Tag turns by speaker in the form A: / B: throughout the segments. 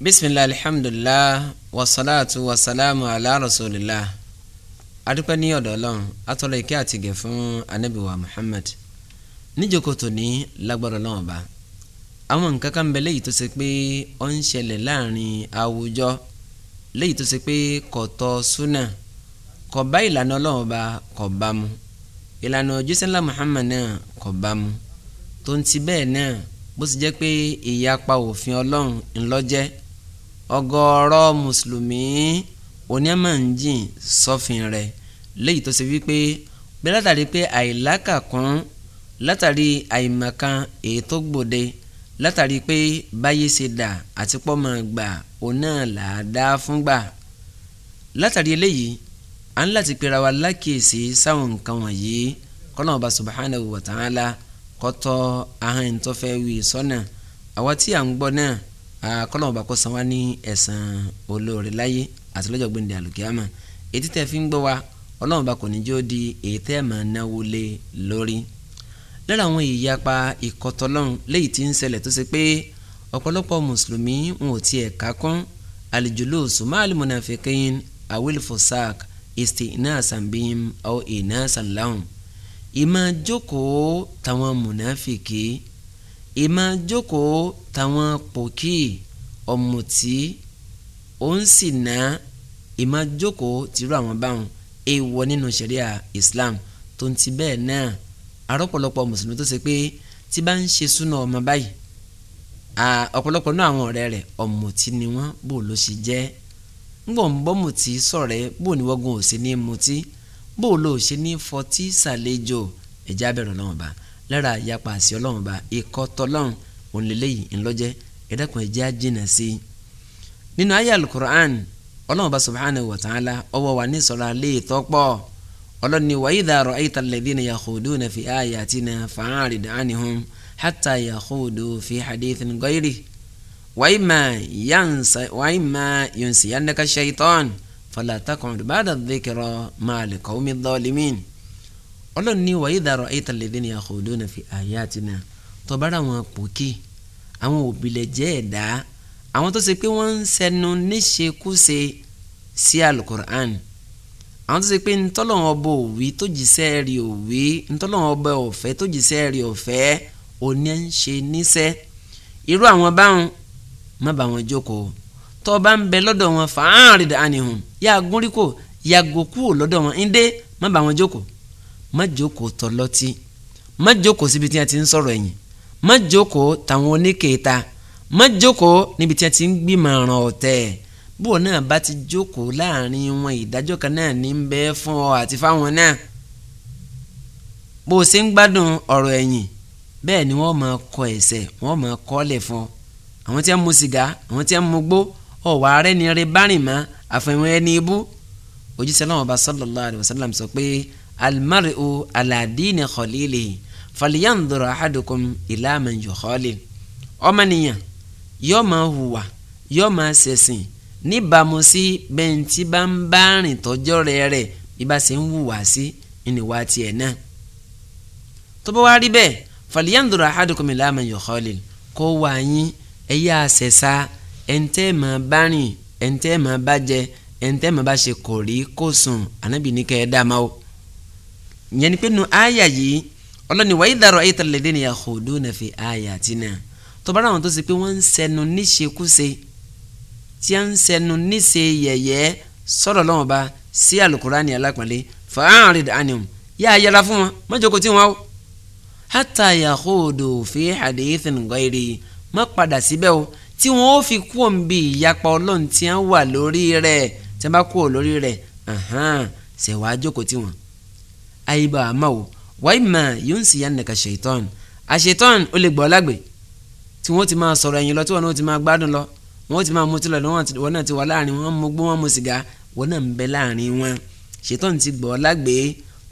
A: bisimilah alhamdulilah wasalaatu wasalaamu ala rasulillah adúpẹ́ ní ọ̀dọ̀ ọlọ́run atọ́lọ́ ìkẹ́ àtìgẹ̀ fún anabiwa muhammad níjókòtò ní lágbára ọlọ́run ọba àwọn nǹkan kan bẹ léyìí tó ṣe pé ó ń ṣẹlẹ̀ láàrin àwùjọ léyìí tó ṣe pé kò tọ́ súnà kò bá ìlànà ọlọ́run ọba kò bá mu ìlànà jísẹ́lá muhammad náà kò mu tó ń ti bẹ́ẹ̀ náà bó ti jẹ́ pé ìyapa òfin ọlọ́run ńlọ́jẹ́ ọ̀gọ̀rọ̀ mùsùlùmí onímọ̀njìn sọ́fin rẹ̀ léyìí tó ṣe wípé bí látàrí pé àìlákàkún látàrí àìmọ̀kan èyí tó gbòde látàrí pé báyé ṣe dà àti pọ́mọ gbà òun náà là á dá fún gbà látàrí eléyìí à ń láti pera wa lákìyèsí sáwọn nǹkan wọ̀nyí kọ́nà ọba subhanahu wa ta'ala kọ́tọ́ ahọ́n ìtọ́fẹ́ wí sọ́nà àwa tí à ń gbọ́ náà kọ́lọ́mù bá kó san wá ní ẹ̀san olóore láyé àti lọ́jọ́ gbẹ̀ndé àlùkìyàmà etí tẹ́ fi ń gbọ́ wa ọlọ́run bá kò ní jẹ́ ó di èyí tẹ́ máa náwó lé lórí. lára àwọn ìyapa ìkọtọ́lọ́run léyìí tí ń ṣẹlẹ̀ tó ṣe pé ọ̀pọ̀lọpọ̀ mùsùlùmí wọn ò tiẹ̀ ká kún àlejòló sùmáàlì mọ̀nàfẹ́kẹ́yìn awil fosak este inasan bihim aw inasan lahum. ìmọ̀ jókòó táwọn mọ̀nàfẹ́kẹ́ ìmọ̀ jókòó táwọn pòkì ọ̀mùtí òun sì ná ìmọ̀ jókòó tìrú àwọn báwọn èèwọ̀ nínú ṣẹ̀ríà Islam tó ń ti bẹ́ẹ̀ náà arọ́pọ̀lọpọ̀ mùsùlùmí tó ṣe pé tí bá ń ṣe súná ọmọ báyìí ọ̀pọ̀lọpọ̀ náà àwọn ọ̀rẹ́ rẹ̀ ọ̀mùtí ni wọ́n bò ló ṣe jẹ́ ńgbọ̀ ń bọ́ mùtí sọ̀rẹ́ bò ní wọ́gun ò ní mutí bò ló ṣe ní fọtí ṣàlejò ẹ̀já bẹ̀rù náà bá a lára àyàpá àṣẹ ọlọ́run bá ikọ́ tọ́lọ́run òǹlẹ́lẹ́yìí ńlọ́jẹ́ ẹ̀dẹ́kun ẹ̀jẹ̀ àjìnà sí i. nínú ayé alukur'an ọlọ́run bá subhanahu wa ta'ala ọwọ́ wa ní sọ̀rọ̀ alẹ́ ìtọ́pọ̀ ọlọ́ni wa idha ra'ayta alladhina yakhuduna fi ayatina fa'arid anhum hatta yakhudu fi hadithin ghayri wa imma yansa wa imma yunsiyannaka shaytan fala taq'ud ba'da dhikra ma'al qawmi dhalimin ọlọ́run ní wàyí dàrọ̀ ayéta lèdè ní àkọ́ọ̀dọ́ náà fi àyà àti náà tọ́bárà wọn pòkì àwọn òbílẹ̀ jẹ́ ẹ̀dá àwọn tó ṣe pé wọ́n ń sẹnu níṣekúṣe sí alukur'an àwọn tó ṣe pé ntọ́lọ́wọ́n ọba òwí tó jìṣẹ́ rí òwí ntọ́lọ́wọ́n ọba ọ̀fẹ́ tó jìṣẹ́ rí ọ̀fẹ́ òní ń ṣe níṣẹ́ irú àwọn báwọn má bá wọn jókòó tó ń bẹ lọ́dọ̀ wọn fàáàrìdà yá agúnríkò yàgò kúò lọ́dọ̀ wọn ń dé má bá wọn jókòó má jókòó tọlọ́tí má jókòó síbi tí a ti ń sọ̀rọ̀ ẹ̀yìn má jókòó tàwọn oníkèéta má jókòó níbi tí a ti ń gbìmọ̀ ọ̀ràn ọ̀tẹ̀ bóun náà bá ti jókòó láàrin wọn ìdájọ́ kan náà ní ń bẹ fún ọ àti fáwọn náà bó o ṣe ń gbádùn ọ̀rọ̀ ẹ̀yìn bẹ́ẹ̀ ni wọ́n máa kọ ẹ̀sẹ̀ wọ́n máa kọ́lẹ̀ fún ọ àwọn tí wọ́n mu sìgá àwọn tí wọ́n mu gbó ọ̀wà arẹ́ni rẹ bá rìn mọ́ àfẹ̀wọ̀n ẹni ibú òjíṣẹ́ náà ọba sallallahu alaihi wasallam sọ pé almar'u ala dini khalilihi falyanzur ahadukum ila man yukhalil ọmọnìyàn yóò máa hùwà yóò máa ṣẹ̀sìn níbàámu sí bẹ́ǹtì bá ń bá rìn tọ́jọ́ rẹ̀ rẹ̀ bí bá ṣe ń hùwà sí ìníwá tiẹ̀ náà tó bá wá rí bẹ́ẹ̀ falyanzur ahadukum ila man yukhalil kó wá yín ẹ̀yà àṣẹ̀ṣà ẹ̀ǹtẹ́ máa bá rìn ẹ̀ǹtẹ́ máa bá bá ṣe kò rí sùn ànábì ní kẹ́ ẹ ìyẹn ni pé nu aya yìí ọlọ́ni wàá ìdàrọ̀ ayé tẹ̀lé dé ni àkòdó náà fi àyà àti náà tó bá ráwọn tó ṣe pé wọ́n ń sẹnu níṣekúṣe tí a ń sẹnu níṣe yẹ̀yẹ́ sọ̀rọ̀ lọ́wọ́n ba sí alukurani alápọ̀nlé fàáàrin dàníum yá a yẹra fún wọn mọ́jọ́kọ̀ tí wọ́n á hátà yàkóòdò fi hadithin ghairi má padà síbẹ̀ o tí wọ́n ó fi kú òǹbí ìyapa ọlọ́run tí wọ́n wà lórí rẹ̀ tí wọ́n bá kú ò lórí rẹ̀ ṣẹ̀wá jókòó tí wọ́n ayé bá a máa wò wáyé mà yóò ń sì yá nìkan ṣètọ́n àṣetọ́n ó lè gbọ́ lágbè tí wọ́n ti máa sọ̀rọ̀ ẹ̀yìn lọ tí wọ́n náà ti máa gbádùn lọ wọ́n ti máa mutí lọ wọ́n náà ti wà láàrin wọn mú gbó wọn mu sìgá wọ́n náà ń bẹ láàrin wọn ṣetọ́n ti gbọ́ lágbè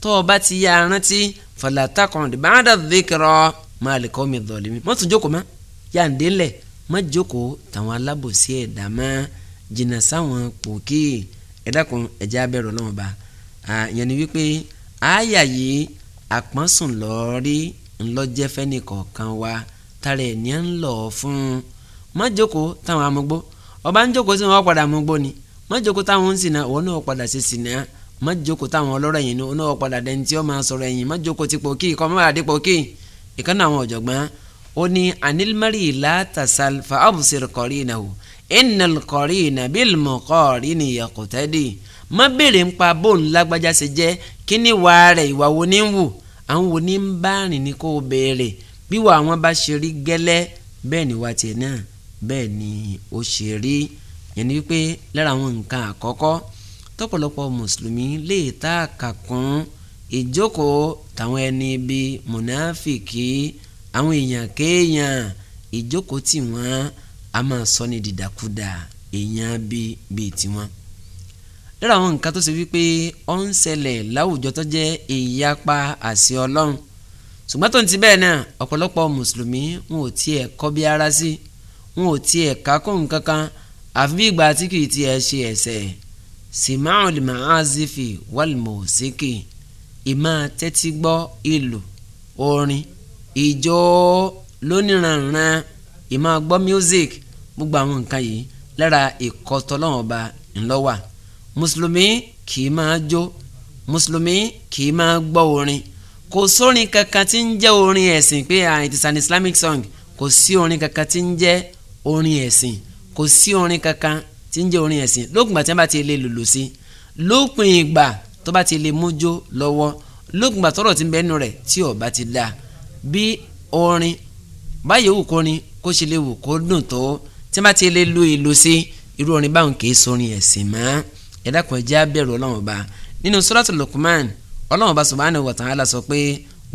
A: tó o bá ti yá arántí falatakun bàdà dìkìrọ̀ máa lè kọ́ mi dọ̀lẹ́ mi mọ́tò jókòó má yàǹdé lẹ̀ má jókòó tàwọn alábòsí ẹ̀dá má jìnnà sáwọn pòkì ẹ̀dá kan ẹ̀já abẹ́rẹ́ ọlọ́run ba ìyẹn ni wípé àyà yìí àpọ́nsùn lọ́ọ́rí ńlọ́jẹ́ fẹ́ni kọ̀ọ̀kan wa tara ẹ̀ ní à ń lọ fún un má jókòó táwọn amúgbó ọba ń jókòó sí wọn padà amúgbó ni má jókòó táwọn ń sìnà òun náà padà ṣe sìnà má jókòó táwọn ọlọ́rọ̀ yìí ni òun náà padà dẹni tí ó máa sọ̀rọ̀ ẹ̀yìn má jókòó ti pòkì kọ́ má dé pòkì ìkànnì àwọn ọ̀jọ̀gbọ́n ó ní anilmari látàsal fa abusir kọ́rí ìnáwó ìnàl kọ́rí ìnàbílmù kọ́rí ìnìyàkùtẹ́dì má béèrè ń pa bóun lágbájá ṣe jẹ́ kí ni ìwà rẹ̀ ìwà wo ní ń wù àwọn wo ní ń bá rìn ní kó o béèrè bíwọ àwọn bá ṣe rí gẹ́lẹ́ bẹ́ẹ̀ ni wà tiẹ̀ náà bẹ́ẹ̀ ni ó ṣe rí yẹn ni wípé lára àwọn nǹkan àkọ́kọ́ tọ́pọ̀lọpọ̀ mùsùlùmí lè ta kàkún ìjókòó tàwọn ẹni bíi mùnáfìkì àwọn èèyàn kéèyàn ìjókòó tí wọ́n máa sọ ní dìdàkudà èèyàn bíi bíi tiwọn lára àwọn nǹkan tó ṣe wípé ó ń ṣẹlẹ̀ láwùjọ tó jẹ́ ìyapa àṣẹ ọlọ́run ṣùgbọ́n tó ń ti bẹ́ẹ̀ náà ọ̀pọ̀lọpọ̀ mùsùlùmí wọn ò tiẹ̀ kọ́ bí ara sí wọn ò tiẹ̀ kákó nǹkan kan àfi bí ìgbà tí kìí tiẹ̀ ṣe ẹ̀ṣẹ̀ simaul maazifi walmosiki ìmọ̀ tẹ́tí gbọ́ ìlù orin ìjó lóníranran ìmọ̀ gbọ́ music gbogbo àwọn nǹkan yìí lára ìkọ́tọ́lọ́wọ́n ọba ńlọ́wà mùsùlùmí kì í máa jó mùsùlùmí kì í máa gbọ́ orin kò sórin kankan tí ń jẹ́ orin ẹ̀sìn pé ah, it is an Islamic song kò sí orin kankan tí ń jẹ́ orin ẹ̀sìn kò sí orin kankan tí ń jẹ́ orin ẹ̀sìn lópin tí wọ́n bá ti lè lòlò sí lópin ìgbà tó bá ti lè mójó lọ́wọ́ lópin ìgbà ti ń bẹ́nu tí ó bá ti dáa bí orin báyìí wù kó ni kó ṣe lè wù kó dùn tó tí wọ́n bá ti lè lu ìlù sí irú orin báwọn kì í sọrin ẹ̀sìn mọ́ ẹ dákun ẹ jẹ́ á bẹ̀rù ọlọ́run ọba nínú suratu Luqman ọlọ́run ọba subhanahu wa ta'ala sọ pé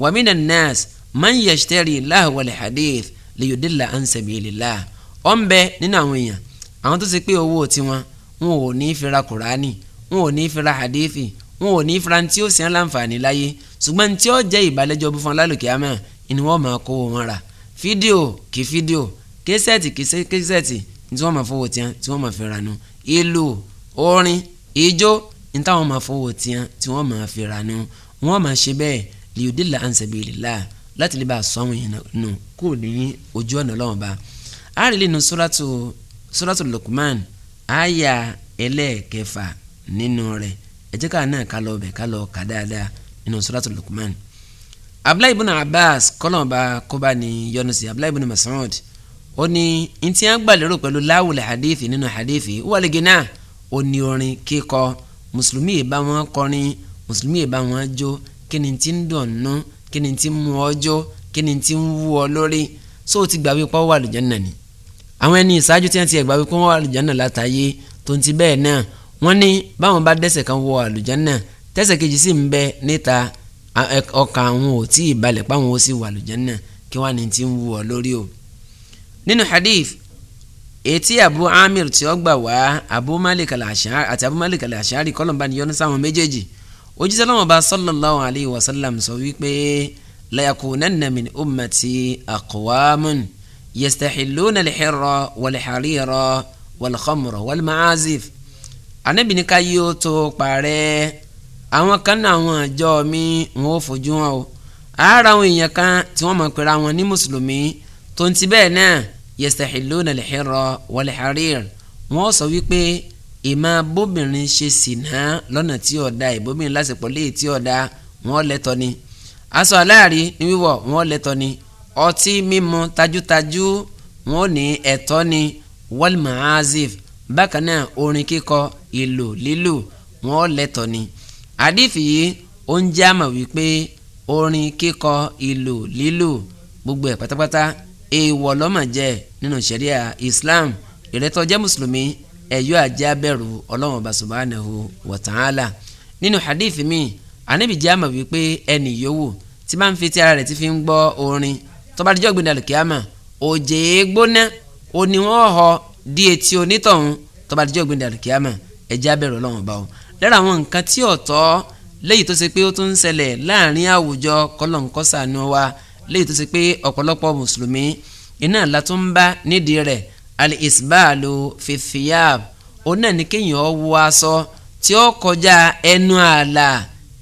A: wa minan nas man yashtari lahwal hadith liyudilla an sabilillah ó ń bẹ nínú àwọn èèyàn àwọn tó ti pé owó tiwọn wọn ò ní fi ra kùránì wọn ò ní fi ra hadithi wọn ò ní fi ra ó sì ń láǹfààní láyé ṣùgbọ́n ntí ó jẹ́ ìbálẹ́jọ́ bí fún alálùkí àmà ni wọ́n máa kó wọn rà fídíò kì fídíò késẹ́ẹ̀tì kì tí wọ́n máa fowó tiẹ̀ tí wọ́n máa fi ranú ìlú orin ìjó nítawọn máa fowó tiẹ̀ tí wọ́n máa fi ra nu wọ́n máa ṣe bẹ́ẹ̀ liudila ansabilila láti lè bá a sọ àwọn èèyàn nù kúrò ní ojú ọ̀nà Ọlọ́run ba àárín nínú suratu suratu Luqman àyà ẹlẹ́ẹ̀kẹfà nínú rẹ̀ ẹ jẹ́ ká náà ká lọ bẹ̀ ká lọ kà dáadáa nínú suratu Luqman abdullahi ibn abbas kọlọmọba kọba ni yọ́nú sí abdullahi ibn Mas'ud ó ní ntí a gbà lérò pẹ̀lú láwùlẹ̀ hadithi nínú hadithi wàlẹ̀ gínà ó ní orin kíkọ mùsùlùmí ìbá wọn kọrin mùsùlùmí ìbá wọn jó kí ni ti ń dùnnú kí ni ti ń mú ọ jó kí ni ti ń wú ọ lórí só o ti gbà wípé ọ wà àlùjánnà ni àwọn ẹni ìṣáájú tí wọ́n ti gbà wípé wọ́n wà àlùjánnà látàyè tó ti bẹ́ẹ̀ náà wọ́n ní báwọn bá dẹ́ṣẹ̀ kan wọ àlùjánnà tẹ́ṣẹ̀ kejì sì ń bẹ níta ọkàn àwọn ò tí ì balẹ̀ páwọn ó sì wà àlùjánnà kí wọ́n ní ti ń wú ọ lórí o nínú hadith etí abu amir tí ó gbà wá abu malik al-ashari àti abu malik al-ashari kọlọmba ni yọnu sáwọn méjèèjì òjíṣẹ́ náà bá sallallahu alayhi wa sallam sọ wípé layakunanna min ummati aqwamun yastahilluna al-hirra wal-harira wal ká yóò tó parẹ́ àwọn kan àwọn àjọ mi wọn ò fojú wọn o àárọ̀ àwọn èèyàn kan tí wọ́n máa pera wọn ní mùsùlùmí tó ń ti bẹ́ẹ̀ náà yastahilluna al-hirra wal-harir wọ́n sọ wípé ìmọ̀ bóbìnrin ṣe sìnà lọ́nà tí ọ̀dà ìbóbìnrin lásìpọ̀ léè tí ọ̀dà wọ́n lẹ́tọ̀ ni aṣọ aláàrí ní wíwọ̀ wọ́n lẹ́tọ̀ ni ọtí mímu tajútajú wọ́n ní ẹ̀tọ́ ni wal ma'azif bákan náà orin kíkọ ìlò lílò wọ́n lẹ́tọ̀ ni àdìfì yìí ó ń jámọ̀ wípé orin kíkọ ìlò lílò gbogbo ẹ̀ pátápátá èèwọ̀ lọ́mọ̀ jẹ́ nínú ṣẹ̀ríà Islam ìrètọ́ jẹ́ mùsùlùmí ẹ̀yọ́ àjẹ́ abẹ́rù ọlọ́run ọba subhanahu wa ta'ala nínú hadith mi anabi jama wípé ẹnì yòówù tí máa ń fi ti ara rẹ̀ ti fi ń gbọ́ orin tó bá dijọ́ gbẹ̀dẹ̀ lùkìámà òjè gbóná òní wọ́n họ di etí onítọ̀hún tó bá dijọ́ gbẹ̀dẹ̀ lùkìámà ẹ̀jẹ̀ abẹ́rù ọlọ́run ọba o lára àwọn nǹkan tí ọ̀tọ̀ léyìí tó ṣe pé ó tún ń ṣẹlẹ̀ láàrin àwùjọ kọlọ̀ǹkọ́sà ni wa léyìí tó ṣe pé ọ̀pọ̀lọpọ̀ mùsùlùmí iná la tún bá nídìí rẹ̀ al-isbalu fi thiyab òun náà ní kéèyàn wọ aṣọ tí ó kọjá ẹnu ààlà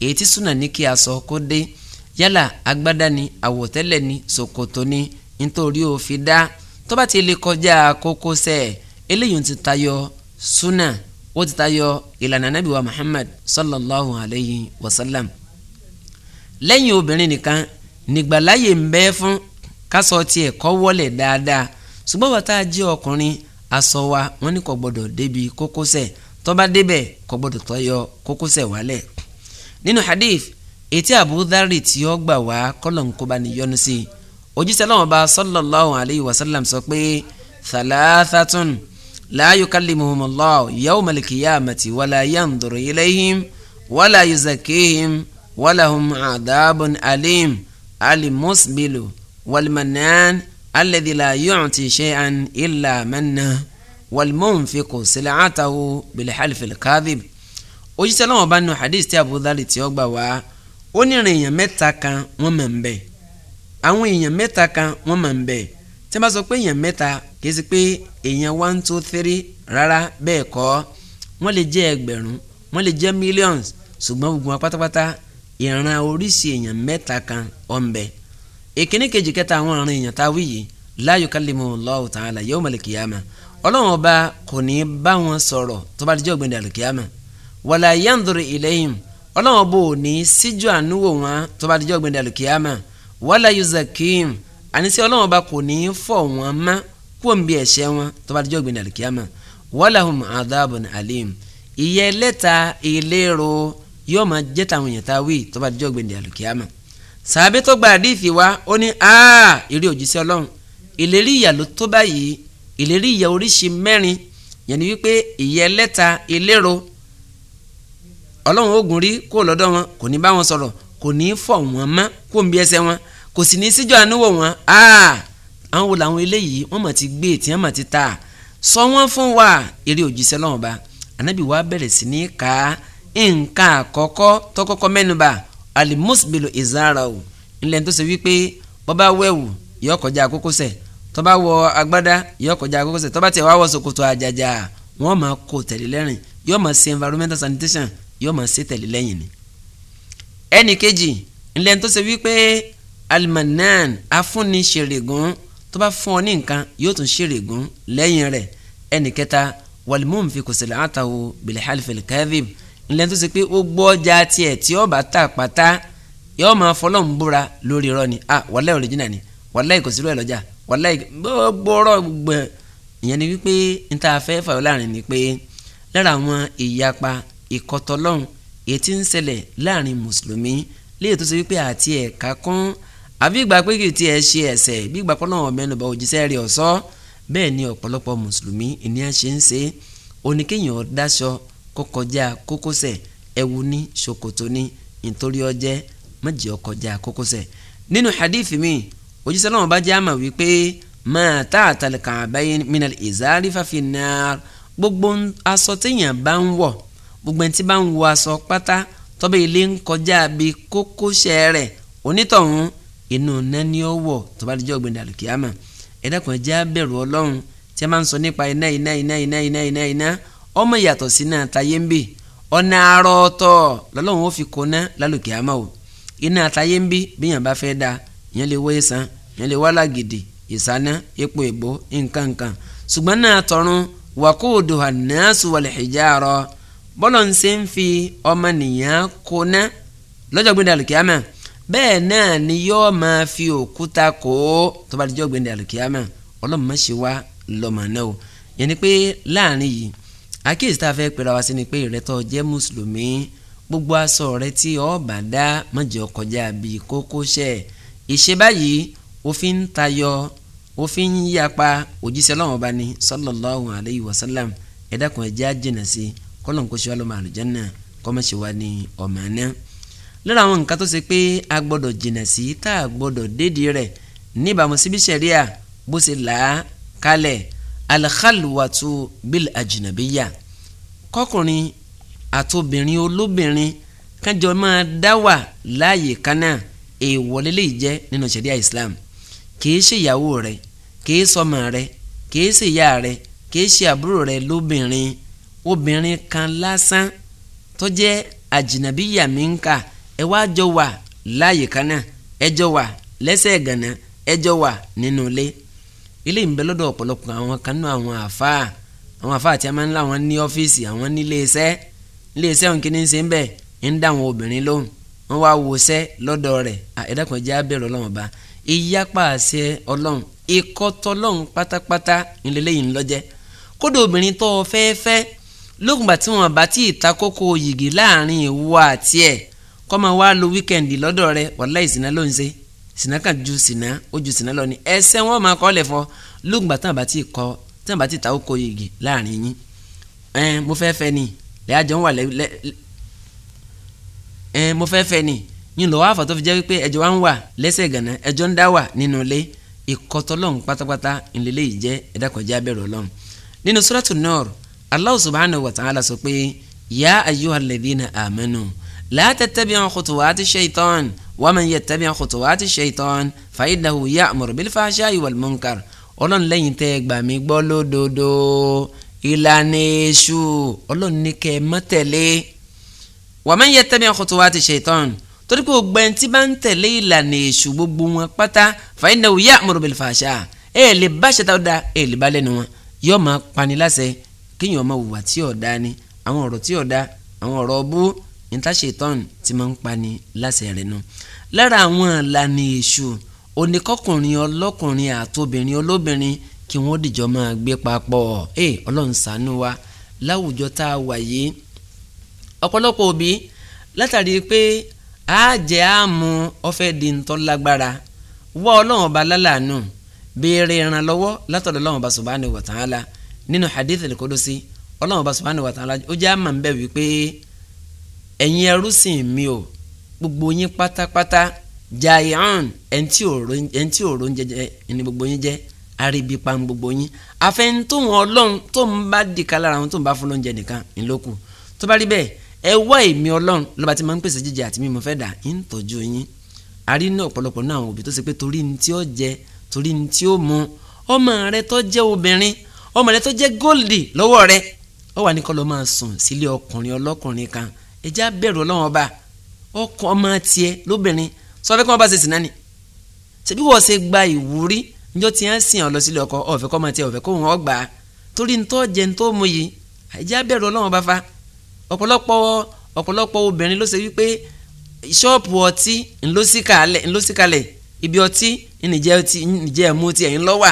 A: èyí tí súnà ní kí aṣọ kó dé yálà agbádá ni àwọ̀tẹ́lẹ̀ ni ṣòkòtò ni nítorí ó fi dá tó bá ti lè kọjá kókósẹ̀ eléyìí ti tayọ súnà ó ti tayọ ìlànà nàbìwá Muhammad sallallahu alayhi wa sallam lẹ́yìn obìnrin nìkan nígbàláyè ń bẹ fún kásọ tiẹ̀ kọ́ wọlé dáadáa ṣùgbọ́n bàtà jẹ́ ọkùnrin aṣọ wa wọ́n ní kò gbọ́dọ̀ débi kókósẹ̀ tó bá débẹ̀ kò gbọ́dọ̀ tó yọ kókósẹ̀ wálẹ̀ nínú hadith etí àbúdárì tí ó gbà wá kọ́lọ̀nkóbá ni yọnu sí i òjíṣẹ́ lọ́wọ́n bá sallallahu alayhi wa sallam sọ pé thalathatun la yukallimuhumullahu yawmal qiyamati wala yanduru ilayhim wala yuzakkihim walahum adhabun alim alimusbilu walmanan alẹ́dìlá yu'ti shay'an illa manna walmunfiqu sil'atahu bilhalfil kadhib òjíṣẹ́ náà bá nu hadith tí Abu Dhali tí ó gbà wá ó ní ìrìn èèyàn mẹ́ta kan wọ́n mọ̀ ń bẹ̀ àwọn èèyàn mẹ́ta kan wọ́n mọ̀ ń bẹ̀ tí wọ́n bá sọ pé èèyàn mẹ́ta kì í sí pé èèyàn one two three rárá bẹ́ẹ̀ kọ́ wọ́n lè jẹ́ ẹgbẹ̀rún wọ́n lè jẹ́ millions ṣùgbọ́n gbogbo wọn pátápátá ìran oríṣi èèyàn mẹ́ta kan ọ̀nbẹ ìkíní kejì kẹta àwọn ọ̀ràn èèyàn tá a wí yìí la yukallimuhullahu ta'ala yawmal qiyamah ọba kò ní bá wọn sọ̀rọ̀ tó bá dijọ́ gbẹ̀dẹ̀ àlùkìyàmà wala yanzuru ilayhim ọlọ́run ọba ò ní síjú ànúwò wọn tó bá dijọ́ gbẹ̀dẹ̀ àlùkìyàmà wala yuzakkihim àníṣe ọlọ́run ọba kò ní fọ̀ yóò máa jẹ́ tàwọn èèyàn tá a wí tó bá dijọ́ gbèndé àlùkìyàmà sàbẹ́ tó gba àdìfì wa ó ní aa eré òjíṣẹ́ ọlọ́run ìlérí ìyà ló tó báyìí ìlérí ìyà oríṣi mẹ́rin yẹn ni wípé ìyà ẹlẹ́ta ìlérò ọlọ́run ogun rí kó lọ́dọ̀ wọn kò ní bá wọn sọ̀rọ̀ kò ní fọ̀ wọ́n mọ́ kó ń bí ẹsẹ̀ wọn kò sì ní síjọ́ àníwò wọn aa àwọn wo làwọn eléyìí wọ́n mà ti gbé ètí wọ́n mà ti ta sọ wọ́n fún wa eré òjíṣẹ́ ọlọ́run ba ànábì wa bẹ̀rẹ̀ sí ní kàá nǹkan àkọ́kọ́ tó kọ́kọ́ mẹ́nuba alimusbilu izara o ńlẹ̀ tó ṣe wípé bó bá wẹ̀wù yọ kọjá kókósẹ̀ tó bá wọ agbádá yọ kọjá kókósẹ̀ tó bá tẹ̀ wá wọ ṣòkòtò àjàjà wọ́n máa kó tẹ̀lé lẹ́rìn yọ máa ṣe environmental sanitation yọ máa ṣe tẹ̀lé lẹ́yìn ni. ẹnì kejì ńlẹ̀ tó ṣe wípé alimanan afúnni ṣèrègùn tó bá fún ọ ní nǹkan yóò tún ṣèrègùn lẹ́yìn rẹ̀ ẹnì kẹta wàlímùmfikùsìlẹ̀ àtàwọ̀ bìlẹ̀ hàlfẹ̀lẹ̀ kẹ́fíìmù ńlẹ́ tó ṣe pé ó gbọ́ ọjà tiẹ̀ tí ó bá tà pátá yóò máa fọlọ́run búra lórí irọ́ ni ah wàláì original ni wàláì kò sí irú ẹ̀ lọ́jà wàláì gbogbo ọ̀rọ̀ gbẹ̀ ìyẹn ni wípé níta fẹ́ fàyọ́ láàrin ni pé lára àwọn ìyapa ìkọtọ́lọ́hún èyí tí ń ṣẹlẹ̀ láàrin mùsùlùmí léyìí tó ṣe wípé àti ẹ̀ka kún àbí ìgbà pé kìí tiẹ̀ ṣe ẹ̀ṣẹ̀ bí ìgbà pọ́nà ọ̀mẹ́nuba kó kọjá kókósẹ̀ ẹ̀wù ní ṣòkòtò ní nítorí ọjẹ́ mọ̀jì ọkọjá kókósẹ̀ nínú hadith mi òjíṣẹ́ náà bá jẹ́ àmà wípé máa tá àtàlẹ̀kà àbáyé minal ìzárí fàfin náà gbogbo aṣọ téèyàn bá ń wọ̀ gbogbo ẹni tí bá ń wọ aṣọ pátá tọ́bẹ̀ ilé ń kọjá bí kókósẹ̀ rẹ̀ onítọ̀hún inú nání ó wọ̀ tó bá dijọ́ gbẹ̀dẹ̀ àlùkìyàmà ẹ̀dá kan jẹ́ abẹ̀rù ọlọ́run tí a máa ń sọ nípa iná iná iná iná iná iná iná ọmọ yàtọ̀ sí náà tayé ń bì ọ̀nà àrọ̀ ọ̀tọ̀ lọ́lọ́run ó fi kóná lálùkì àmọ́ o iná tayé ń bì bíyàn bá fẹ́ da ìyẹn lè wọ́ ìsàn ìyẹn lè wá làgìdì ìsáná epo ìbò nkankan ṣùgbọ́n náà tọrun wàkóòdù hànàṣù wàlẹ̀ hijara bọ́lọ̀ ń ṣe ń fi ọmọnìyàn kóná lọ́jọ́ gbẹ̀dẹ̀ àlùkìyàmà bẹ́ẹ̀ náà ni yóò máa fi òkúta kó tó bá dijọ́ gbẹ̀dẹ̀ àlùkìyàmà ọlọ́mọ àkíyèsí tá a fẹ́ pera wa sí ni pé ìrẹ́tọ̀ jẹ́ mùsùlùmí gbogbo aṣọ rẹ tí o bá dá má jẹ́ ó kọjá ìṣe báyìí òfin ń tayọ òfin ń yapa òjíṣẹ́ Ọlọ́run Ọba ni sallallahu alayhi wa sallam ẹ dákun ẹ jẹ́ á jìnnà sí kọ́lọ̀ ń kó ṣe wá lọ́mọ àlùjánnà kọ́mọ ṣe wá ní ọ̀mọ̀ àná lọ́la àwọn nǹkan tó ṣe pé a gbọ́dọ̀ jìnnà sí tá a gbọ́dọ̀ dédìí rẹ̀ níbàámu bó ṣe là á kalẹ̀ alikhalwatu bil ajinabiya kọkùnrin àtobìnrin olóbìnrin kájọ máa dá wà láàyè kanáà èèwọ̀ lélẹ́yìí jẹ́ nínú ṣẹ̀ríà Islam kìí ṣe ìyàwó rẹ kìí sọmọ rẹ kìí ṣe ìyá rẹ kìí ṣe àbúrò rẹ lóbìnrin obìnrin kan lásán tó jẹ́ àjìnàbíyà mi ń kà ẹ wá jọ wà láàyè kanáà ẹ jọ wà lẹ́sẹ̀ gànà ẹ jọ wà nínú ilé eléyìí ń bẹ lọ́dọ̀ ọ̀pọ̀lọpọ̀ àwọn kan nínú àwọn àfáà àwọn àfáà tí a máa ń lá wọn ní ọ́fíìsì àwọn nílé iṣẹ́ nílé iṣẹ́ òun kìíní ṣe ń bẹ̀ ń dá àwọn obìnrin lóhùn wọ́n wá wo iṣẹ́ lọ́dọ̀ rẹ̀ ẹ̀dàkùn jẹ́ abẹ́rẹ́ ọlọ́run ọba ìyapa àṣẹ ọlọ́run ìkọ́tọ́lọ́run pátápátá ìlélẹ́yìn ńlọ́jẹ́ kódà obìnrin tó o fẹ́ fẹ́ lókùnbà tí wọn sìnà kan ju sìnà ó ju sìnà lọ ni ẹsẹ̀ wọn máa kọ́ lẹ̀ fọ́ lóògbà tí àbá ti kọ́ tí àbá ti ta ó kó igi láàrin yín mo fẹ́ fẹ́ ni lẹ́yàjọ́ ń wà lẹ́ ẹ mo fẹ́ fẹ́ ni yín lọ́wọ́ àfọ̀ tó fi jẹ́ wípé ẹjọ́ wa ń wà lẹ́sẹ̀ gànà ẹjọ́ ń dá wà nínú ilé ìkọ́tọ́lọ́hún pátápátá ìlélẹ́ yìí jẹ́ ẹ̀dàkọ̀jẹ́ abẹ́rẹ́ ọlọ́run nínú suratu Nur Allah subhanahu wa ta'ala sọ pé ya ayyuhal ladhina amanu la tattabi'u khutuwati shaytan wa man yattabi'u khutuwati shaytan fa innahu ya'muru bil fahsha'i wal munkar ọlọ́run lẹ́yìn tẹ́ ẹ gbà mí gbọ́ lódodo ìlànà èṣù ọlọ́run ní kẹ́ ẹ má tẹ̀lé wa man yattabi'u khutuwati shaytan torí pé ògbẹ́ni tí bá ń tẹ̀lé ìlànà èṣù gbogbo wọn pátá fa innahu ya'muru níta ṣètọ́n tí máa ń pani láṣẹ rẹ̀ nù lára àwọn ìlànà èṣù oníkọkùnrin ọlọ́kùnrin àtobìnrin olóbìnrin kí wọ́n dìjọ máa gbé papọ̀ ẹ ọlọ́run ṣàánú wa láwùjọ tá a wà yìí ọ̀pọ̀lọpọ̀ òbí látàrí pé àájẹ àmú ọ̀fẹ́ di ń tọ́ lágbára wọ́ ọlọ́run ọba lálàánú béèrè ìrànlọ́wọ́ látọ̀dọ̀ ọlọ́run ọba subhanahu wa ta'ala nínú hadith al-qudusi ọlọ́run ọba subhanahu wa ta'ala ó jẹ́ àmà ń bẹ̀ wípé ẹ̀yin ẹrúsìn mi o gbogbo yín pátápátá jayan ẹ̀ǹtí òró ń jẹjẹ ẹni gbogbo yín jẹ́ àríbi pa gbogbo yín àfẹnitóhun ọlọ́run tó ń bá dìka lára wọn tó ń bá fún lóúnjẹ nìkan ńlọ́kù tó bá rí bẹ́ẹ̀ ẹ wá èmi ọlọ́run lọ́ba tí máa ń pèsè jíjẹ àti mímu fẹ́ dà ń tọ́jú yín àrí ní ọ̀pọ̀lọpọ̀ náà àwọn òbí tó ṣe pé torí ní tí ó jẹ torí ní tí ó mu ọmọ rẹ tó jẹ́ obìnrin ọmọ rẹ tó jẹ́ góòlì lọ́wọ́ rẹ ó wà ní máa sùn sílé ọkùnrin ọlọ́kùnrin kan ẹjẹ́ abẹ́rù ọlọ́run ọba ọkọ ọmọ tiẹ̀ lóbìnrin sọ fẹ́ kọ́ ọba ṣe sìnà ni ṣebí wọ́n ṣe gba ìwúrí níjọ́ tí wọ́n sìn ọ́ lọ sílé ọkọ ọ̀fẹ́ kọ́ ọmọ tiẹ̀ ọ̀fẹ́ kó wọn gbà torí ntọ́ jẹ ntọ́ mu yìí ẹjẹ́ abẹ́rù ọlọ́run ọba fa ọ̀pọ̀lọpọ̀ ọ̀pọ̀lọpọ̀ obìnrin ló ṣe wípé ṣọ́ọ̀pù ọtí ńlọ́síkalẹ̀ ibi ọtí ńìjẹ́ ẹ̀mú ti ẹ̀yìn lọ́wà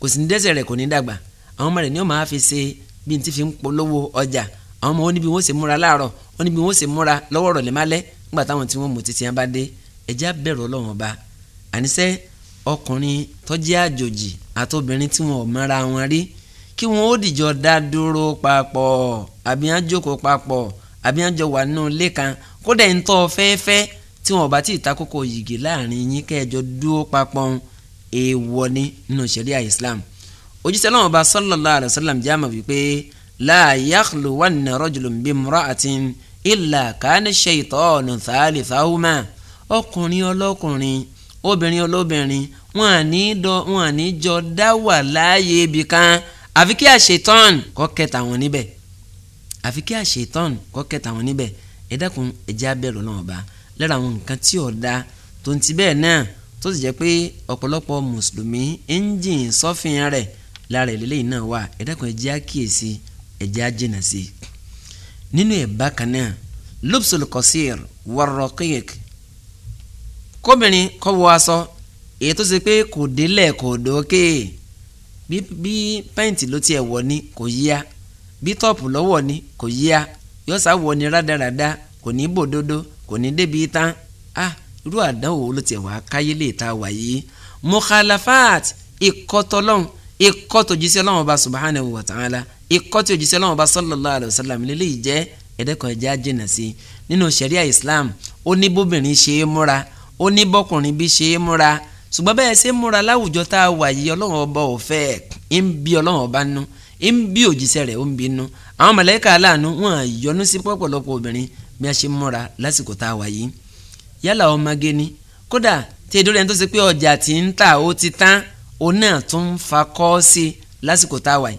A: kò sí ní dẹ́sẹ̀ rẹ̀ kò ní dàgbà àwọn ọmọ rẹ̀ ni ó máa fi ṣe bí n ti fi ń polówó ọjà àwọn ọmọ wọn níbi wọn ó ṣe múra láàárọ̀ wọn níbi wọn ó ṣe múra lọ́wọ́ rọ̀lẹ́ málẹ́ nígbà táwọn tí wọ́n mú títí yẹn bá dé ẹjẹ́ abẹ́rẹ́ ọlọ́run ọba àníṣe ọkùnrin tó jẹ́ àjòjì àtobìnrin tí wọn ò mọ́ra wọn rí kí wọn ó dìjọ dá dúró papọ̀ àbí á jókòó papọ̀ àbí á jọ wà nínú ilé kan kódà ń tọ́ fẹ́ẹ́fẹ́ tí wọn ò bá tí ì takókò yìgì láàrin yín kẹ́ẹ̀jọ dúró papọ̀ èèwọ̀ ni nínú ṣẹ̀ríà Islam òjíṣẹ́ náà sallallahu alaihi wasallam la yakhluwanna rajulun bimra'atin illa kana shaytanu thalithahuma ọkùnrin ọlọ́kùnrin obìnrin olóbìnrin wọn à ní dọ wọn à ní jọ dá wà láàyè ibì kan àfi kí àṣetán kọ́ kẹta wọn níbẹ̀ àfi kí àṣetán kọ́ kẹta wọn níbẹ̀ ẹ dákun ẹ náà bá lára àwọn nǹkan tí ò da tó ń ti bẹ́ẹ̀ náà tó sì jẹ́ pé ọ̀pọ̀lọpọ̀ mùsùlùmí ń sọ́fìn rẹ̀ lára ìlélẹ́yìn náà wà ẹ dákun ẹ ẹ̀jẹ̀ ajínà sí i nínú ẹ̀bá kan náà lubsul qasir warraqiq kóbìnrin kó wọ aṣọ èyí tó ṣe pé kò délẹ̀ kò dókè bí pẹ́ǹtì ló tiẹ̀ wọ̀ ni kò yíya bí tọ́ọ̀pù lọ́wọ́ ni kò yíya yọ́sà wọ̀ ni rádaràda kò ní bòdodo kò ní débi tán ah irú àdánwò ló tiẹ̀ wá káyé lè ta wà yìí mukhalafat ìkọ́tọ̀lọ́hún ìkọ́tọ̀jísẹ́ ọlọ́run ọba subhanahu wa ta'ala ikọ́ tí òjíṣẹ́ ọlọ́run ọba sallallahu alayhi wa sallam lélẹ́yìí jẹ́ ẹ̀dẹ́kọ̀ ẹ̀jẹ̀ ajínà sí i nínú ṣẹ̀ríà Islam ó ní bóbìnrin ṣe é múra ó ní bọ́kùnrin bí ṣe é múra ṣùgbọ́n bẹ́ẹ̀ ṣe é múra láwùjọ tá a wà yìí ọlọ́run ọba ò fẹ́ ẹ̀ ń bí ọlọ́run ọba nú ń bí òjíṣẹ́ rẹ̀ ó ń bínú àwọn mọ̀lẹ́kà aláàánú wọn yọnu sí pọ̀pọ̀lọpọ̀ obìnrin bí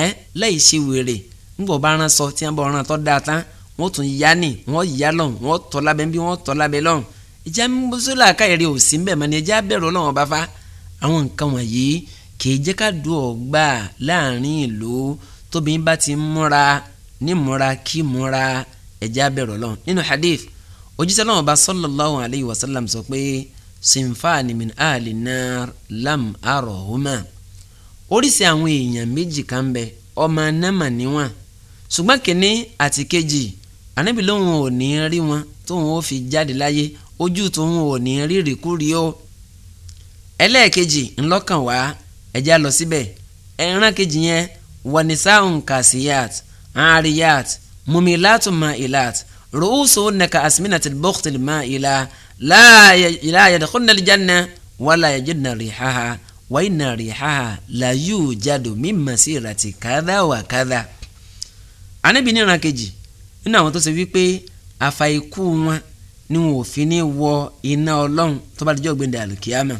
A: ẹ láì ṣe wèrè ńgbọ̀ bá rán sọ tí wọ́n bá rán tọ́ da tán wọ́n tún yá nì wọ́n yá lọ́n wọ́n tọ́ lábẹ́ bí wọ́n tọ́ lábẹ́ lọ́n ìjà mọ́sọ́lá káyẹ̀rẹ́ ò sí mbẹ̀ mọ́ni ẹja bẹ̀rù ọlọ́wọ́n bá fa àwọn nǹkan wọ̀nyí kìí jẹ́ ká du ọ̀gbà láàrin ìlú tóbi bá ti múra ní múra kí múra ẹja bẹ̀rù ọlọ́wọ́n nínú hadith òjíṣẹ́ ọlọ́wọ́n bá sallallahu alayhi wa sallam sọ pé sinfani min ahli nar lam arohuma oríṣi àwọn èèyàn méjì kan bẹ ọmọ anẹ́mà níwọ̀n ṣùgbọ́n kínní àti kejì ànábì lóun ò ní rí wọn tóun ó fi jáde láyé ojú tóun ò ní rí rìkúrí o ẹlẹ́ẹ̀kejì ńlọ́kàn wá ẹja lọ síbẹ̀ ẹran kejì yẹn wanisaun kasiyat ariyat mumilatu mailat ruusu naka asminati bukhtil maila la yadkhulna aljanna wala yajidna rihaha wàá iná rí ha làyù jáde mímọ̀ sí ìràtì kádà wà kádà. ànábì ní ìran kejì nínú àwọn tó ṣe wípé afa wọn ni wọn ò fi ní wọ iná ọlọ́run tó bá dijọ́ gbẹ̀ndẹ̀ àlùkìyàmọ̀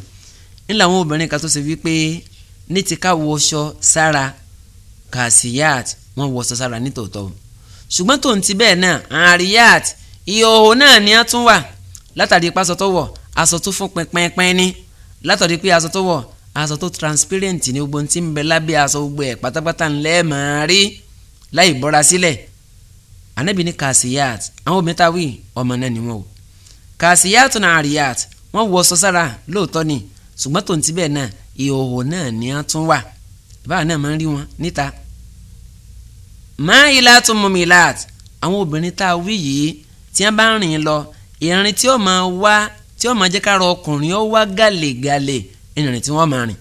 A: ńlá àwọn obìnrin kan tó ṣe wípé ní ti ká wọṣọ sára kàṣíyàt wọn wọṣọ sára nítòótọ́ ṣùgbọ́n tó ń ti bẹ́ẹ̀ náà àríyàt ìhòòhò náà ni a tún wà látàrí pé tó wọ̀ aṣọ tó fún pínpínpín ní látàrí pé aṣọ tó wọ̀ aṣọ tó transparent ni gbogbo tí ń bẹ lábẹ́ aṣọ gbogbo ẹ̀ pátápátá ńlẹ́ máa rí láì bọ́ra sílẹ̀ anabi ní kasiyat àwọn obìnrin tá wí ọmọ náà ni wọn o kasiyat na ariyat wọn wọ sọ sára lóòótọ́ ni ṣùgbọ́n tó ti bẹ́ẹ̀ náà ìhòòhò náà ni a tún wà báwa náà máa ń rí wọn níta máa ilá tún mú mi láàt àwọn obìnrin tá a wí yìí tí wọn bá ń rìn lọ ìrìn tí ó máa wá tí ó máa jẹ́ ká rọ ọkùnrin ó wá gàlègàlè ìrìn tí wọ́n máa rìn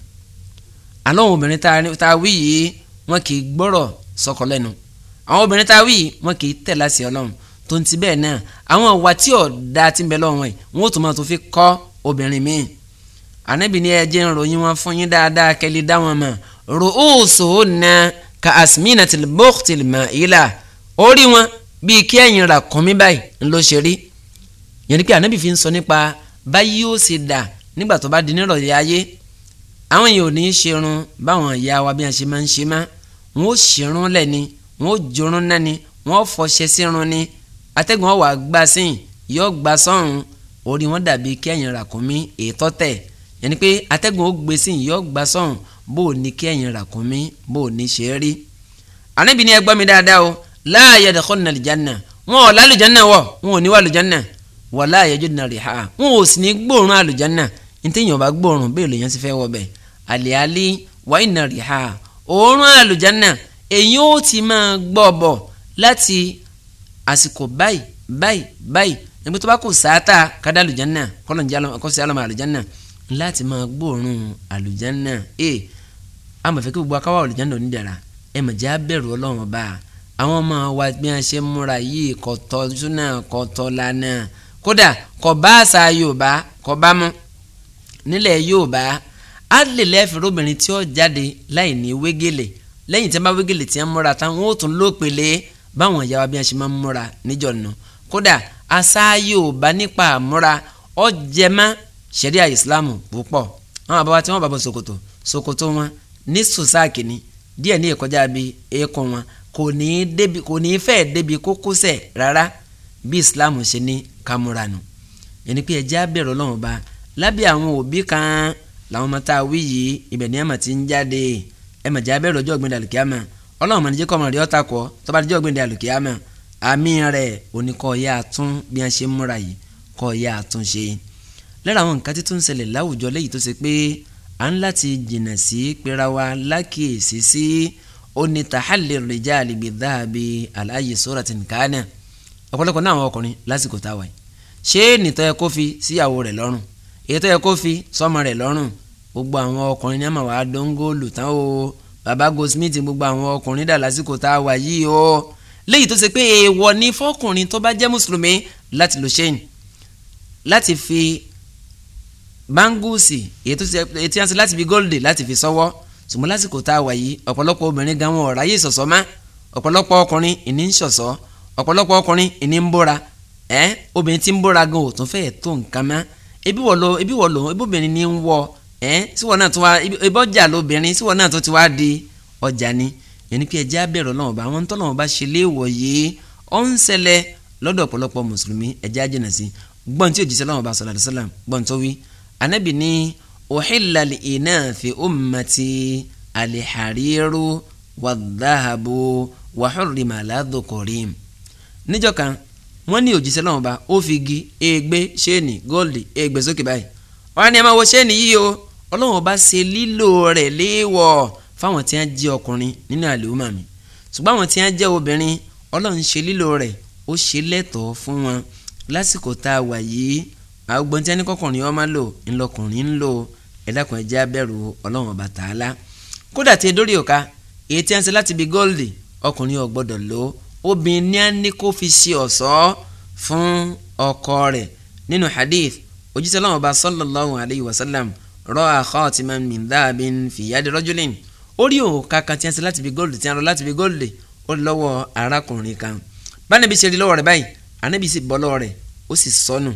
A: àlọ́ àwọn obìnrin tá a wí yìí wọn kì í gbọ́rọ̀ sọkọ lẹ́nu àwọn obìnrin tá a wí yìí wọn kì í tẹ̀ láṣẹ ọlọ́run tó ń ti bẹ́ẹ̀ náà àwọn ìwà tí ọ̀dà ti ń bẹ lọ́wọ́ yìí wọn ò tó máa tó fi kọ́ obìnrin míì ànábì ní ẹ jẹ́ ń ròyìn wọn fún yín dáadáa kẹ́lẹ́ dá wọn mọ̀ ròósò na ka asmina til bóktil mọ̀ ìlà orí wọn bíi kí ẹ̀yìn rà kùnmí báyìí ńlọ nígbà tó bá di nírọ̀lẹ́ ayé àwọn èèyàn ò ní í ṣerun báwọn ìyá wa bí wọn ṣe máa ń ṣe má wọn ó ṣerun lẹ́ni wọn ó jorun náni wọn ó fọṣẹ sírun ni atẹ́gùn ọ̀wà gbà sín yóò gbà sọ́run orí wọn dàbí kí ẹ̀yìn ràkúnmí ètò tẹ̀ yẹnni pé atẹ́gùn ó gbé sín yóò gbà sọ́run bó o ní kí ẹ̀yìn ràkúnmí bó o ní ṣe rí. àníbi ni ẹ mi dáadáa o la yadkhulna al-janna wọn ò lálùjánná wọ̀ wọn ò ní wà lùjánná wala yajidna riha wọn ò sì ní gbóòórùn àlùjánná ntẹ̀yìn ọba gbóòórùn bẹ́ẹ̀ lèyàn ti fẹ́ wọ bẹ́ẹ̀ àlìálí wáìnà rìhà òórùn àlùjánà èyí ó ti máa gbọ́ bọ̀ láti àsìkò báyìí báyìí báyìí nígbà tó bá kù sáátà kádà àlùjánà kọ́nà jẹ́ àkọsí àlọ́mọ àlùjánà láti máa gbóòórùn àlùjánà ẹ amọ̀fẹ́ kí gbogbo akáwá àlùjánà onídàra ẹ mọ̀ jẹ́ abẹ́rù ọlọ́run bá àwọn ọmọ wa bí wọ́n ṣe múra yìí kọ̀tọ́ súnà kọ̀tọ́ lánàá kódà kọ̀ bá àṣà Yorùbá kọ̀ bá mọ́ nílẹ̀ Yorùbá adley lẹ́ẹ̀fì lóbìnrin tí ó jáde láì ní wégele lẹ́yìn tí wọ́n bá wégele tí wọ́n múra táwọn ó tún lópele báwọn ìyá wa bí wọ́n ṣe máa ń múra níjọ nù kódà àṣà Yorùbá nípa àmúra ó jẹ mọ́ púpọ̀ àwọn àbáwá tí wọ́n bá bọ̀ ṣòkòtò ṣòkòtò wọn ní sòsáàkì ni díẹ̀ ní ìkọjá bíi eékún wọn kò ní débi kò ní fẹ́ débi kókósẹ̀ rárá bí ìsìláàmù ṣe ní kámúra nù ẹni pé ẹjẹ́ á bẹ̀rù Ọlọ́run bá a lábẹ́ àwọn òbí kan làwọn ọmọ tá a wí yìí ibẹ̀ ni àmà ti ń jáde ẹ mà jẹ́ abẹ́rẹ́ ọjọ́ ọ̀gbìn dàlùkìyàmà ọlọ́run mọ̀nìjẹ́ kọ́ ọmọ rẹ̀ ọ̀tà kọ́ tó bá dọjọ́ ọ̀gbìn dàlùkìyàmà àmì rẹ̀ oníkọ́ ya tún bí wọ́n ṣe múra yìí kọ́ ya tún ṣe. lára àwọn nǹkan títún ṣẹlẹ̀ láwùjọ léyìí tó ṣe pé à ń láti jìnnà sí pera wa lákìyèsí sí oní tàhálì rìjà àlìbí dáàbí aláyè sóra tì nìkan náà ọ̀pọ̀lọpọ̀ náà àwọn ọkùnrin lásìkò táwa yìí ṣé nìtọ́ ẹ kó fi síyàwó rẹ̀ lọ́rùn èyí tó yẹ kó fi sọmọ rẹ̀ lọ́rùn gbogbo àwọn ọkùnrin ní àmàwá dóńgóòlù tán o baba Goldsmith gbogbo àwọn ọkùnrin dà lásìkò tá a wà yìí o léyìí tó ṣe pé èèwọ̀ ni fọkùnrin tó bá jẹ́ mùsùlùmí láti lò ṣẹ́yìn láti fi báńgùsì èyí tó ṣe èyí tí wọ́n ṣe láti fi góòlù láti fi sọ́wọ́ ṣùgbọ́n lásìkò tá a wà yìí ọ̀pọ̀lọpọ̀ obìnrin gan wọn ọ̀ráyè ṣọ̀ṣọ́ má ọ̀pọ̀lọpọ̀ ọkùnrin ìní ń ṣọ̀ṣọ́ ọ̀pọ̀lọpọ̀ ọkùnrin ìní ń bóra ẹ́ obìnrin tí ń bóra gan ò tún fẹ́ẹ̀ tó nǹkan má ebi wọ̀ lọ ebi wọ̀ lọ ebi obìnrin ni ń wọ ẹ́ síwọ́n náà tó wá ebi ọjà lóbìnrin síwọ́n náà tó ti wá di ọjà ni yẹnni pé ẹjẹ́ abẹ́rọ̀ náà bá àwọn tọ́lọ̀ bá ṣe léèwọ̀ yìí ó ń ṣẹlẹ̀ lọ́dọ̀ ọ̀pọ̀lọpọ̀ mùsùlùmí ẹjẹ́ ajẹ́nà sí gbọ́n tí òjíṣẹ́ lọ́wọ́ bá sọ̀rọ̀ àdìsọ́làm gbọ́n tó wí anábì ní uhilla li inathi ummati alihariru wadhahabu wahurrima ala dhukurim kan wọ́n ní òjíṣẹ́ lọ́wọ́n ba ó fi gi egbe ṣéènì góòlì egbe sókè báyìí wọ́n á ní ẹ máa wo ṣéènì yìí o ọlọ́wọ́n bá ṣe lílò rẹ̀ léèwọ̀ fáwọn tí wọ́n jẹ́ ọkùnrin nínú àlùmọ́ mi ṣùgbọ́n àwọn tí wọ́n jẹ́ obìnrin ọlọ́run ṣe lílò rẹ̀ ó ṣe lẹ́tọ̀ọ́ fún wọn lásìkò tá a wà yìí àgbọn tí wọ́n ní kọkùnrin ọmọ lò ńlọkùnrin ń lò bi góòlì ọkùnrin ò obìnrin ní á ní kó fi ṣe ọ̀ṣọ́ fún ọkọ rẹ̀ nínú hadith òjíṣẹ́ Ọlọ́hun Ọba sallallahu alayhi wa sallam ra'a khatiman min dhahabin fi yadi rajulin ó rí òòka kan tí a ṣe láti fi góòlù tí a rọ láti fi góòlù ó lọ́wọ́ arákùnrin kan bánabi ṣe rí lọ́wọ́ rẹ̀ báyìí anabi sì bọ́ lọ́wọ́ rẹ̀ ó sì sọnù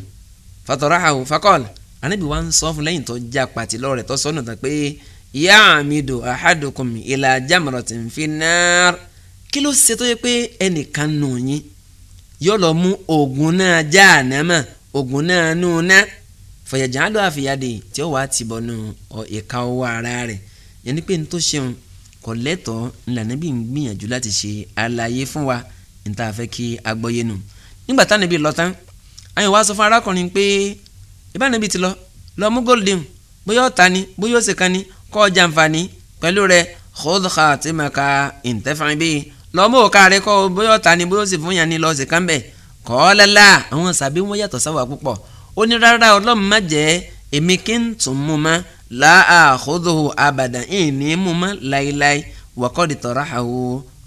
A: fatarahu faqal anabi wa ń sọ fún lẹ́yìn tó já pàtí lọ́wọ́ rẹ̀ tó sọnù tán pé ya'midu ahadukum ila jamratin fin nar kí ló ṣe tó yẹ pé ẹnìkan nù yín yóò lọ mú oògùn náà já ànámà oògùn náà nù ná fọyàjà á lọ àfìyàdè tí ó wà á ti bọ̀ nù ọ ìka owó ara rẹ̀ yẹn ni pé n tó ṣeun kò lẹ́tọ̀ọ́ ńlá níbi ń gbìyànjú láti ṣe àlàyé fún wa n ta fẹ́ kí a gbọ́yé nù nígbà tá níbi lọ tán àyàn wá sọ fún arákùnrin pé ìbá níbi ti lọ lọ mú goldin bóyá ọ̀tá ni bóyá ọ̀sẹ̀ kan ni kọ́ ọjà nfààní pẹ̀lú rẹ̀ kóòdù xa tí ma ka ìǹtẹ́fà bíi lọ́mọ òka rẹ kọ́ bóyá ọ̀tá ni bóyá ó sì fún yàn ní lọ́ọ̀sì kan bẹ̀ kọ́ lẹ́la àwọn sàbí wọn yàtọ̀ sáwà púpọ̀ ó ní rárá ọlọ́run má jẹ́ èmi kí n tún mú ma la àkóso àbàdàn ìní mú ma láéláé wàkọ́dì tọ́ra àwọ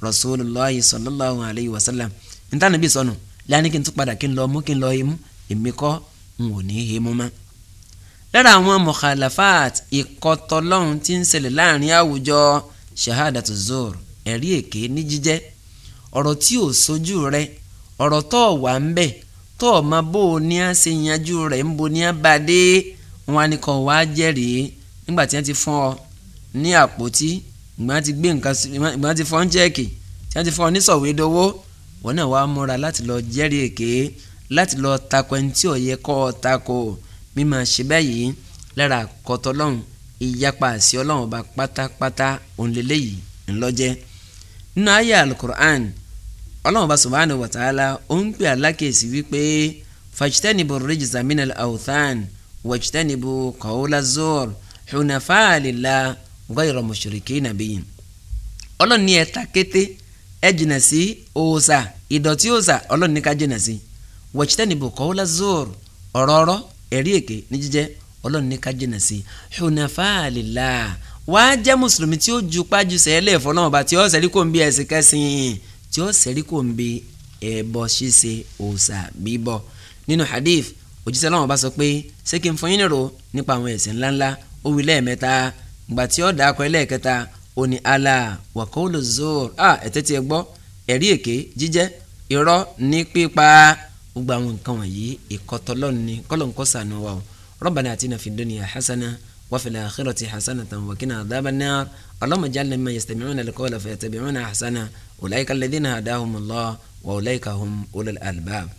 A: rasulillah sallallahu alayhi wa sallam níta níbi sọnù lẹ́yìn kí n tún padà kí n lọ mú kí n lọ imú èmi kọ́ n ò ní í mú ma lára àwọn mukhalafat ìkọtọ́lọ́hún ti ń ṣẹlẹ̀ láàrin àwùjọ shahadatu zoro ẹ̀rí èké ní jíjẹ́ ọ̀rọ̀ tí ò sojú rẹ ọ̀rọ̀ tó o wà ń bẹ̀ tó o máa bó o ní á ṣe yanjú rẹ̀ ń bo ní á bá a dé wọn á ní kọ́ wá jẹ́rìí nígbà tí wọ́n ti fún ọ ní àpótí ìgbà tí gbé nǹkan ìgbà tí tí wọ́n ti fún ọ ní sọ̀wédowó wọn náà wàá múra láti lọ jẹ́rìí èké láti lọ takò ẹni tí ò yẹ kọ́ ọ takò mímọ ṣe báyìí lára àkọ́tọ́ lọ́hùn ìyapa àṣẹ ọlọ́run ọba pátápátá òun lélẹ́yìí nínú ayé alukur'an ọlọ́run bá subhanahu wa ta'ala ó ń pè alákèésí wípé fajtanibu rijza minal awthan wajtanibu qawla zur hunafa'a lillah ghayra mushrikina bihi ọlọ́run ní ẹ ta kété ẹ jìnà sí òòṣà ìdọ̀tí òòṣà ọlọ́run ní ká jìnà sí wajtanibu qawla zur ọ̀rọ̀ ọ̀rọ̀ ẹ̀rí èké ní jíjẹ́ ọlọ́run ní ká jìnà sí hunafa'a lillah wàá jẹ́ mùsùlùmí tí ó ju pájú sẹ́lẹ̀ fún náà bá tí ó sẹ́rí kò ń bí ẹ̀sìn kẹsìn tí ó sẹ́rí kò ń bí ẹbọ ṣíṣe òòṣà bíbọ nínú hadith òjíṣẹ́ náà bá sọ pé ṣé kí n fún yín nírò nípa àwọn ẹ̀sìn ńláńlá ó wí lẹ́ẹ̀mẹ́ta gbà tí ó dàkọ ẹlẹ́ẹ̀kẹta ó ní ala wa qawlu zur a ẹ̀tẹ́ tiẹ̀ gbọ́ ẹ̀rí èké jíjẹ́ irọ́ ní pípa gbogbo àwọn nǹkan wọ̀nyí ìkọ́tọ́lọ́ni atina fid dunya وفي الآخرة حسنة وكنا عذاب النار اللهم اجعلنا ممن يستمعون القول فيتبعون أحسنه أولئك الذين هداهم الله وأولئك هم أولو الألباب